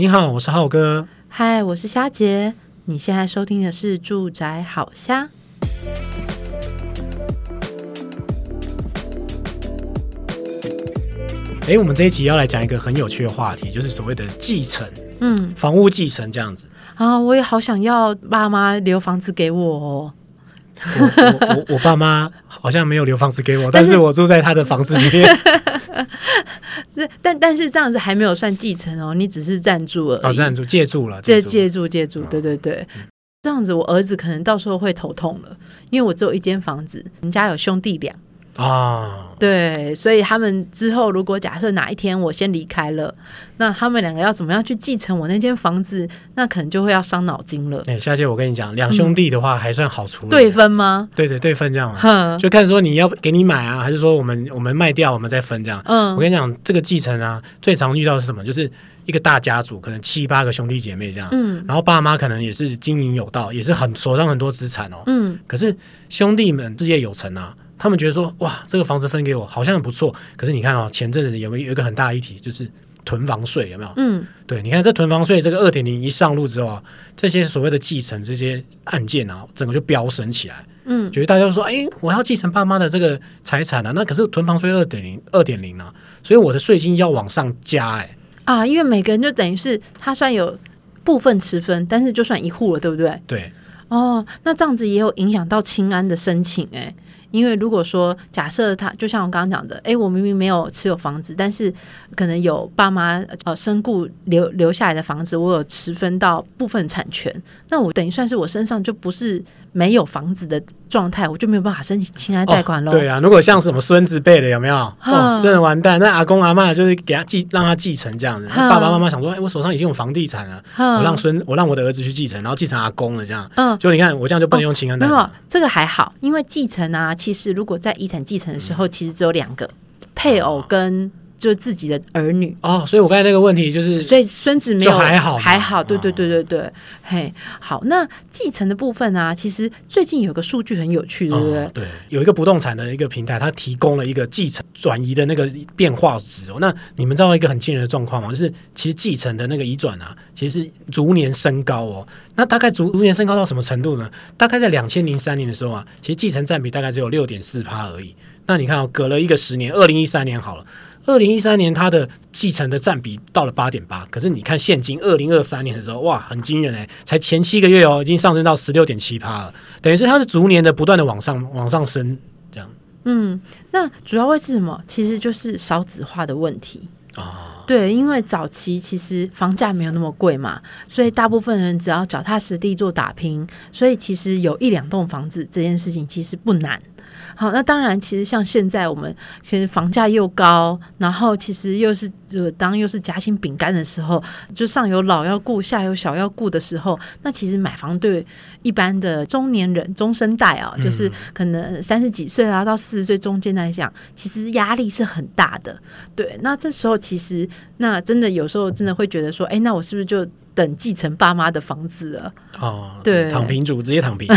你好，我是浩哥。嗨，我是瞎姐。你現在收聽的是《住宅好瞎》。哎、欸，我們這一集要來講一個很有趣的話題，就是所謂的繼承，嗯，房屋繼承這樣子。啊，我也好想要爸媽留房子給我哦。我，我我我爸媽好像沒有留房子給我， 但是我住在他的房子裡面。 但但但是這樣子還沒有算繼承哦，你只是暫住而已哦，暫住、借住了，借住了借住、借住，對對對，哦嗯、這樣子我兒子可能到時候會頭痛了，因為我只有一間房子，人家有兄弟倆。啊，對，所以他們之後如果假設哪一天我先離開了，那他們兩個要怎麼樣去繼承我那間房子？那可能就會要傷腦筋了。哎，瞎姐，我跟你講，兩兄弟的話還算好處理。嗯，對分嗎？對對對，分這樣嘛，呵就看說你要給你買啊，還是說我們我們賣掉，我們再分這樣。嗯，我跟你講，這個繼承啊，最常遇到的是什麼？就是一個大家族，可能七八個兄弟姐妹這樣，嗯，然後爸媽可能也是經營有道，也是很手上很多資產哦，嗯，可是兄弟們事業有成啊。他們覺得說哇，這個房子分給我好像很不錯。可是你看哦，前陣子有沒有有一個很大的議題，就是囤房稅有沒有？嗯，對，你看這囤房稅這個二點零一上路之後啊，這些所謂的繼承這些案件啊，整個就飆升起來。嗯，覺得大家說哎、欸，我要繼承爸媽的這個財產啊，那可是囤房稅二點零二點零啊，所以我的稅金要往上加哎、欸、啊，因為每個人就等於是他算有部分持分，但是就算一戶了，對不對？對，哦，那這樣子也有影響到青安的申請哎、欸。因為如果說假設他就像我剛剛講的，哎，我明明沒有持有房子，但是可能有爸媽呃身故留留下來的房子，我有持分到部分產權，那我等於算是我身上就不是，沒有房子的狀態，我就沒有辦法申請青安貸款嘍。對啊，如果像什麼孫子輩的有沒有、嗯哦？真的完蛋。那阿公阿媽就是給他繼，讓他繼承這樣子。嗯、爸爸媽媽想說，哎，我手上已經有房地產了，嗯、我讓孫，我讓我的兒子去繼承，然後繼承阿公了這樣。嗯，結果你看我這樣就不能用青安貸款。這個還好，因為繼承啊，其實如果在遺產繼承的時候，其實只有兩個、嗯、配偶跟。就是自己的兒女哦，所以我剛才那個問題就是，嗯、所以孫子沒有還好還好，對對對對對，哦、嘿好，那繼承的部分啊，其實最近有個數據很有趣，對不對？嗯、對，有一個不動產的一個平台，它提供了一個繼承轉移的那個變化值哦。那你們知道一個很驚人的狀況嗎？就是其實繼承的那個移轉啊，其實是逐年升高哦。那大概逐逐年升高到什麼程度呢？大概在兩千零三年的時候啊，其實繼承占比大概只有六點四趴而已。那你看哦，隔了一個十年，二零一三年好了。二零一三年，它的繼承的佔比到了八點八，可是你看現今二零二三年的時候，哇，很驚人哎，才前七個月哦，已經上升到十六點七趴了，等於是它是逐年的不斷的往上往上升，這樣。嗯，那主要會是什麼？其實就是少子化的問題哦？對，因為早期其實房價沒有那麼貴嘛，所以大部分人只要腳踏實地做打拼，所以其實有一兩棟房子這件事情其實不難。好，那當然，其實像現在我們，其實房價又高，然後其實又是當又是夾心餅乾的時候，就上有老要顧，下有小要顧的時候，那其實買房對一般的中年人、中生代啊，就是可能三十幾歲啊到四十歲中間來講，其實壓力是很大的。對，那這時候其實那真的有時候真的會覺得說，哎，那我是不是就等繼承爸媽的房子了？哦，對，對，躺平族直接躺平。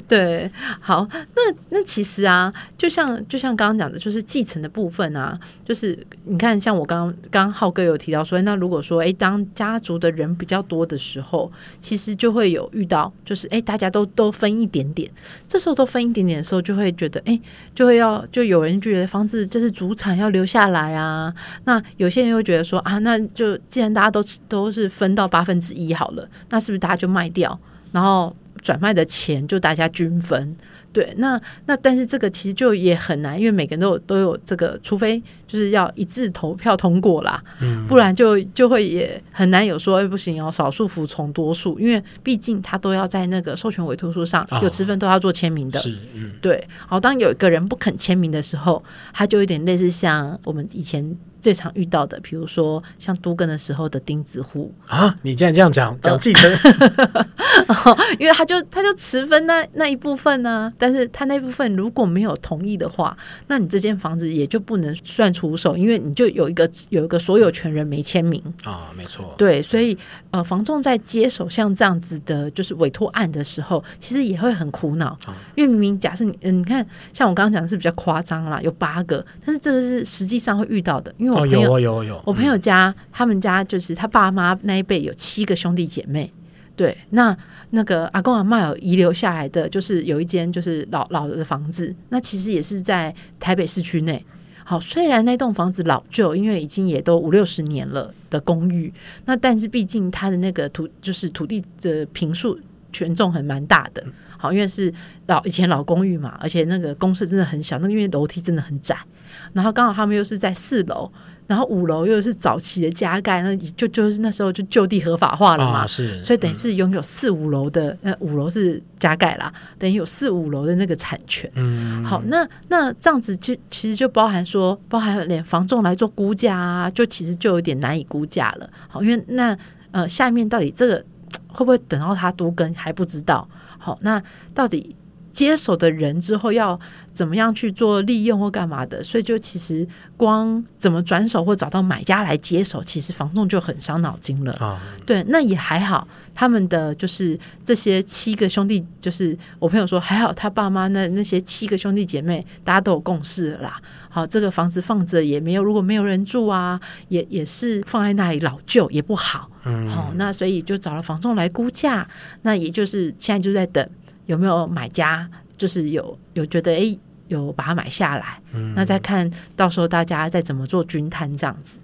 對，好，那那其實啊，就像就像剛剛講的，就是繼承的部分啊，就是你看，像我剛剛浩哥有提到說，那如果說誒當家族的人比較多的時候，其實就會有遇到，就是誒大家都都分一點點，這時候都分一點點的時候，就會覺得誒就會要就有人覺得房子這是祖產要留下來啊，那有些人又覺得說啊，那就既然大家都都是分到八分之一好了，那是不是大家就賣掉，然後？轉賣的錢就大家均分，對，那那但是這個其實就也很難，因為每個人都有都有這個，除非就是要一致投票通過啦，嗯、不然就就會也很難有說哎、欸、不行哦，少數服從多數，因為畢竟他都要在那個授權委託書上有持份都要做簽名的，哦嗯、對，好，當有一個人不肯簽名的時候，他就有點類似像我們以前。最常遇到的，比如說像都更的時候的釘子戶啊，你竟然這樣講講記得？ 因為他就他就持分那那一部分呢、啊，但是他那部分如果沒有同意的話，那你這間房子也就不能算出手，因為你就有一個有一個所有權人沒簽名啊、哦，沒錯，對，所以呃，房仲在接手像這樣子的，就是委托案的時候，其實也會很苦惱，哦、因為明明假設你，你看像我剛剛講的是比較誇張啦，有八個，但是這個是實際上會遇到的，因為。哦，有哦有有，哦，我朋友家，他們家就是他爸媽那一輩有七個兄弟姐妹，嗯、對，那那個阿公阿嬤有遺留下來的就是有一間就是老老的房子，那其實也是在台北市區內。好，雖然那棟房子老舊，因為已經也都五六十年了的公寓，那但是畢竟他的那個土就是土地的坪數，權重很蠻大的。嗯好，因為是老以前老公寓嘛，而且那個公室真的很小，那因為樓梯真的很窄，然後剛好他們又是在四樓，然後五樓又是早期的加蓋，那就就是那時候就就地合法化了嘛，哦、是，嗯、所以等於是擁有四五樓的，那五樓是加蓋啦，等於有四五樓的那個產權。嗯、好，那那這樣子就其實就包含說，包含連房仲來做估價、啊，就其實就有點難以估價了。好，因為那呃下面到底這個會不會等到他都更還不知道。好，哦，那到底接手的人之後要怎麼樣去做利用或幹嘛的，所以就其實光怎麼轉手或找到買家來接手，其實房仲就很傷腦筋了。哦、對，那也還好，他們的就是這些七個兄弟，就是我朋友說還好，他爸媽那那些七個兄弟姐妹，大家都有共識了啦。好、哦，這個房子放着也沒有，如果沒有人住啊，也也是放在那裡老舊也不好。嗯，好、哦，那所以就找了房仲來估價，那也就是現在就在等。有沒有買家？就是有有覺得誒、欸，有把它買下來，嗯、那再看到時候大家再怎麼做均攤這樣子，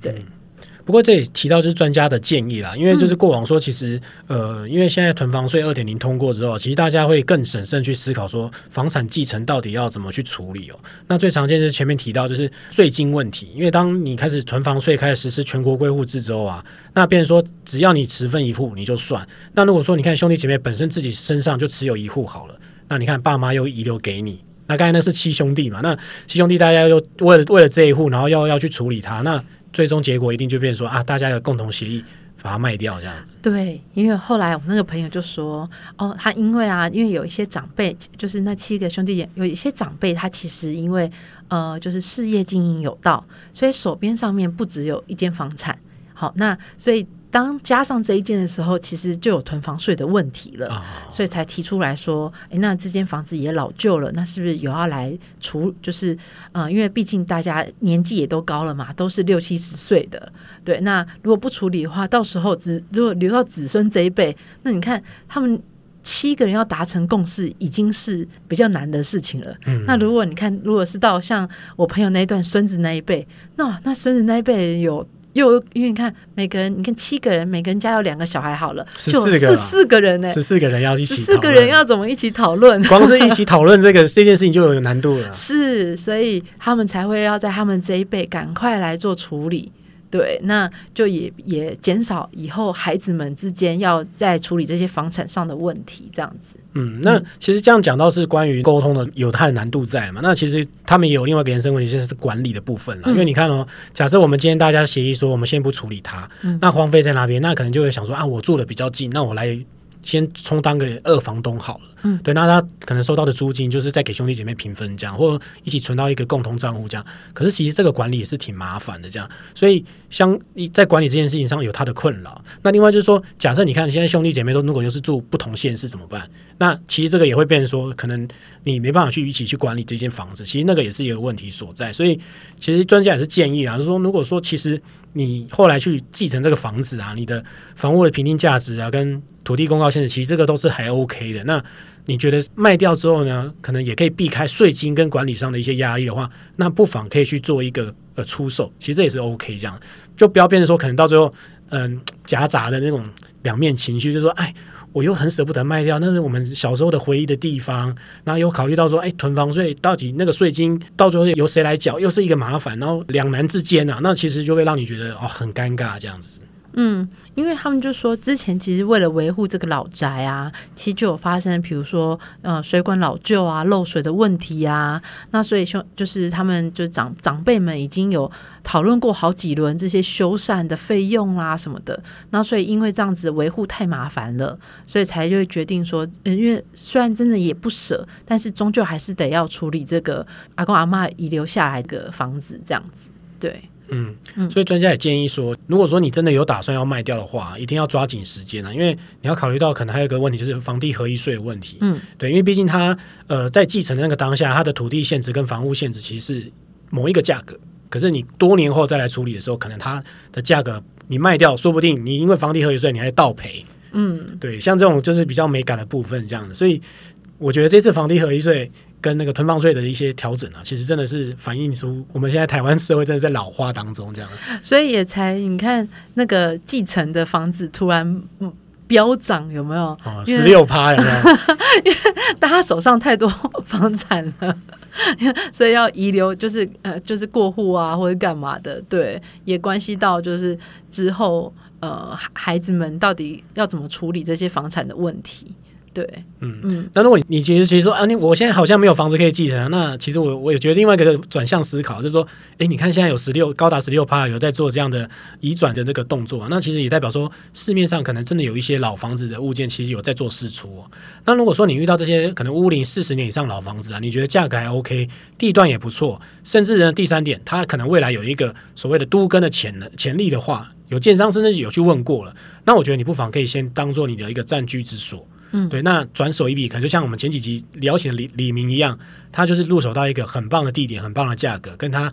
對。嗯不過這裡提到就是專家的建議啦，因為就是過往說其實、嗯、呃，因為現在囤房稅二點零通過之後，其實大家會更審慎去思考說房產繼承到底要怎麼去處理哦。那最常見就是前面提到就是稅金問題，因為當你開始囤房稅開始實施全國歸戶制之後啊，那變成說只要你持分一戶你就算。那如果說你看兄弟姐妹本身自己身上就持有一戶好了，那你看爸媽又遺留給你，那剛才那是七兄弟嘛，那七兄弟大家又為了為了這一戶，然後要要去處理它那。最終結果一定就變成說啊，大家有共同協議把它賣掉這樣子。對，因為後來我們那個朋友就說，哦，他因為啊，因為有一些長輩，就是那七個兄弟姐，有一些長輩他其實因為呃，就是事業經營有道，所以手邊上面不只有一間房產。好，那所以。當加上這一件的時候，其實就有囤房稅的問題了，Oh. 所以才提出來說：“哎、欸，那這間房子也老舊了，那是不是有要來處？就是嗯、呃，因為畢竟大家年紀也都高了嘛，都是六七十歲的。對，那如果不處理的話，到時候子如果留到子孫這一輩，那你看他們七個人要達成共識，已經是比較難的事情了。Mm. 那如果你看，如果是到像我朋友那一段孫子那一輩，那、哦、那孫子那一輩有。”又，因為你看，每個人，你看七個人，每個人家有兩個小孩，好了，個就有四四個人呢、欸，四個人要一起，四個人要怎麼一起討論？光是一起討論這個 這件事情就有難度了。是，所以他們才會要在他們這一輩趕快來做處理。對，那就也也減少以後孩子們之間要在處理這些房產上的問題，這樣子。嗯，那其實這樣講到是關於溝通的，有它的難度在嘛？那其實他們也有另外一個人生問題，現、就、在是管理的部分了。嗯、因為你看哦，假設我們今天大家協議說，我們先不處理它，嗯、那荒廢在那邊，那可能就會想說啊，我住的比較近，那我來。先充當個二房東好了，嗯，對，那他可能收到的租金就是再給兄弟姐妹平分，這樣或一起存到一個共同賬戶，這樣。可是其實這個管理也是挺麻煩的，這樣。所以，像在管理這件事情上有他的困擾。那另外就是說，假設你看現在兄弟姐妹都如果就是住不同縣市怎麼辦？那其實這個也會變成說，可能你沒辦法去一起去管理這間房子。其實那個也是一個問題所在。所以，其實專家也是建議啊，就是說如果說其實你後來去繼承這個房子啊，你的房屋的平均價值啊跟。土地公告現在其實這個都是還 OK 的。那你覺得賣掉之後呢，可能也可以避開稅金跟管理上的一些壓力的話，那不妨可以去做一個呃出售。其實這也是 OK 這樣，就不要變成說可能到最後，嗯，夾雜的那種兩面情緒，就說哎，我又很捨不得賣掉，那是我們小時候的回憶的地方。然後又考慮到說，哎，囤房稅到底那個稅金到最後由誰來繳，又是一個麻煩。然後兩難之間吶，啊，那其實就會讓你覺得哦，很尷尬這樣子。嗯，因為他們就說之前其實為了維護這個老宅啊，其實就有發生比如說呃水管老舊啊、漏水的問題啊，那所以說就是他們就是長長輩們已經有討論過好幾輪這些修繕的費用啦、啊、什麼的，那所以因為這樣子維護太麻煩了，所以才就會決定說，呃，因為雖然真的也不捨，但是終究還是得要處理這個阿公阿嬤遺留下來的房子這樣子，對。嗯嗯，所以專家也建議說，如果說你真的有打算要賣掉的話，一定要抓緊時間啊，因為你要考慮到可能還有一個問題，就是房地合一稅的問題。嗯，對，因為畢竟它呃在繼承的那個當下，它的土地現值跟房屋現值其實是某一個價格，可是你多年後再來處理的時候，可能它的價格你賣掉，說不定你因為房地合一稅，你還倒賠。嗯，對，像這種就是比較敏感的部分，這樣的，所以。我覺得這次房地合一稅跟那個囤房稅的一些調整啊，其實真的是反映出我們現在台灣社會真的在老化當中，這樣。所以也才你看那個繼承的房子突然飆漲，有沒有？哦、啊，十六趴呀！因為大家 手上太多房產了，所以要遺留，就是呃，就是過戶啊，或者幹嘛的。對，也關係到就是之後呃，孩子們到底要怎麼處理這些房產的問題。對，嗯嗯，嗯，那如果你你覺得其實說啊，你我現在好像沒有房子可以繼承，那其實我我也覺得另外一個轉向思考就是說，誒你看現在有十六高達十六趴有在做這樣的移轉的那個動作，那其實也代表說市面上可能真的有一些老房子的物件，其實有在做釋出。那如果說你遇到這些可能屋齡四十年以上老房子啊，你覺得價格還 OK，地段也不錯，甚至呢第三點，它可能未來有一個所謂的都更的潛能潛力的話，有建商真的有去問過了，那我覺得你不妨可以先當做你的一個暫居之所。嗯，對，那轉手一筆可能就像我們前幾集聊起的李李明一樣，他就是入手到一個很棒的地點、很棒的價格，跟他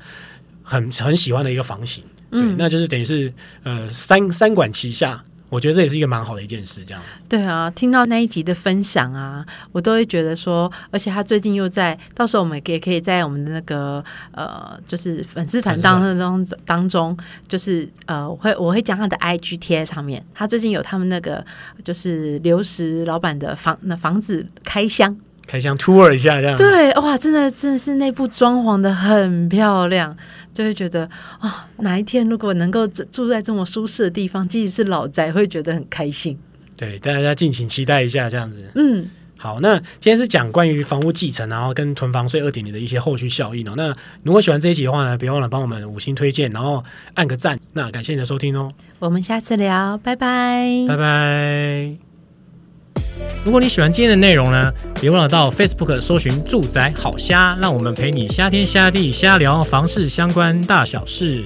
很很喜歡的一個房型，對，嗯、那就是等於是呃三三管齊下。我覺得這也是一個蠻好的一件事，這樣。對啊，聽到那一集的分享啊，我都會覺得說，而且他最近又在，到時候我們也可以在我們的那個呃，就是粉絲團當，當中當中，就是呃，我會我會講他的 IG 貼在上面，他最近有他們那個就是劉石老闆的房那房子開箱。開箱 tour 一下，這樣子對，哇，真的真的是內部裝潢得很漂亮，就會覺得啊、哦，哪一天如果能夠住在這麼舒適的地方，即使是老宅，會覺得很開心。對，大家敬請期待一下，這樣子。嗯，好，那今天是講關於房屋繼承，然後跟囤房稅二點零的一些後續效應哦、喔。那如果喜歡這一集的話呢，別忘了幫我們五星推薦，然後按個讚。那感謝你的收聽哦、喔，我們下次聊，拜拜，拜拜。如果你喜歡今天的內容呢，別忘了到 Facebook 搜尋“住宅好瞎”，讓我們陪你瞎天瞎地瞎聊房事相關大小事。